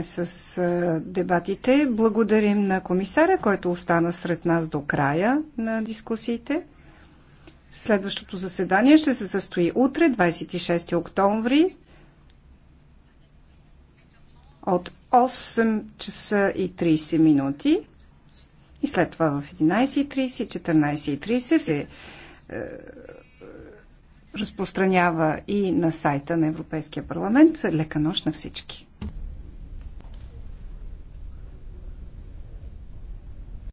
с дебатите. Благодарим на комисаря, който остана сред нас до края на дискусиите. Следващото заседание ще се състои утре, 26 октомври, от 8 часа и 30 минути. И след това в 11.30, 14.30 се е, разпространява и на сайта на Европейския парламент. Лека нощ на всички!